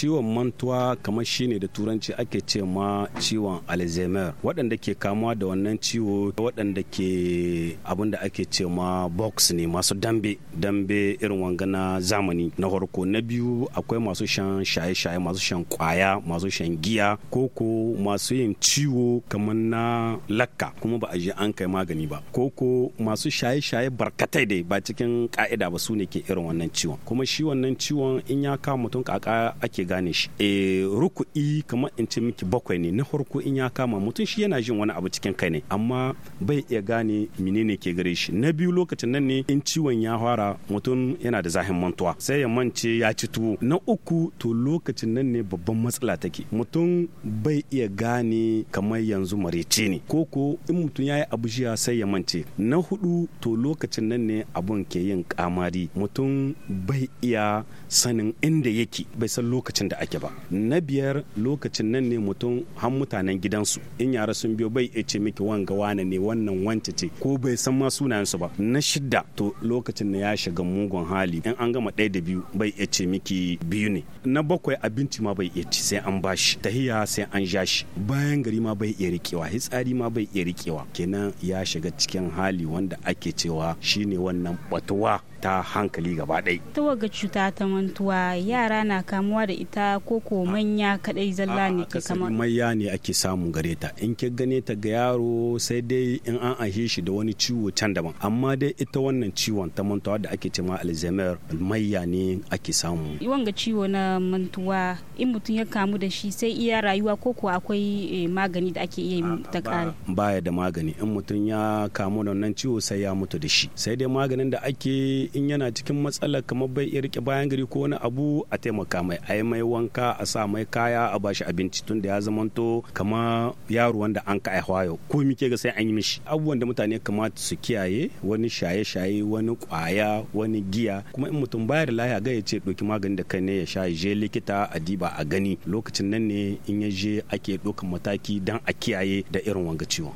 ciwon mantuwa kamar shine da turanci ake ce ma ciwon alzheimer waɗanda ke kamuwa da wannan ciwo waɗanda ke abinda ake ce ma box ne masu dambe dambe irin wanga na zamani na harko na biyu akwai masu shan shaye-shaye masu shan kwaya masu shan giya koko masu yin ciwo kamar na lakka kuma ba a je an kai magani ba koko masu shaye-shaye barkatai dai ba cikin ka'ida ba su ne ke irin wannan ciwon kuma shi wannan ciwon in ya kama mutum kaka ake gane shi e ruku'i kamar in ce miki bakwai ne na farko in ya kama mutum shi yana jin wani abu cikin kai ne amma bai iya gane menene ke gare shi na biyu lokacin nan ne in ciwon ya fara mutum yana da zahin mantuwa sai ya mance ya ci tuwo na uku to lokacin nan ne babban matsala take mutum bai iya gane kamar yanzu marece ne ko in mutum ya yi abu jiya sai ya mance na hudu to lokacin nan ne abun ke yin kamari mutum bai iya sanin inda yake bai san lokacin lokacin da ake ba na biyar lokacin nan ne mutum han mutanen gidansu in yara sun biyo bai ce miki wanga wane ne wannan wance ce ko bai san ma sunayensu ba na shida to lokacin na ya shiga mugun hali in an gama ɗaya da biyu bai ce miki biyu ne na bakwai abinci ma bai ci sai an bashi tahiya sai an ja shi bayan gari ma bai iya rikewa hitsari ma bai iya rikewa kenan ya shiga cikin hali wanda ake cewa shine wannan batuwa ta hankali gaba ɗaya Ta waga cuta ta mantuwa yara na kamuwa da ita ta koko manya kadai zalla ne ke kama manya ne ake samu gare ta in ki gane ta ga yaro sai dai in an ahe shi da wani ciwo can daban amma dai ita wannan ciwon ta mantuwa da ake cewa alzheimer manya ne ake samu yawan ga ciwo na mantuwa in mutum ya kamu da shi sai iya rayuwa ko ko akwai eh, magani da ake iya ta kare baya da magani in mutum ya kamu da wannan ciwo sai ya mutu da shi sai dai maganin da ake in yana cikin matsala kamar bai iya rike bayan gari ko wani abu a taimaka mai a mai wanka a sa mai kaya a bashi abinci tun da ya zamanto kama yaro wanda an ka aihuwa yau ko mike ga sai an yi mishi abubuwan da mutane kamata su kiyaye wani shaye-shaye wani kwaya wani giya kuma in mutum baya da lahiya ga ya ce ɗauki magani da kai ne ya sha je likita a diba a gani lokacin nan ne in ya je ake dokan mataki dan a kiyaye da irin wanga ciwon.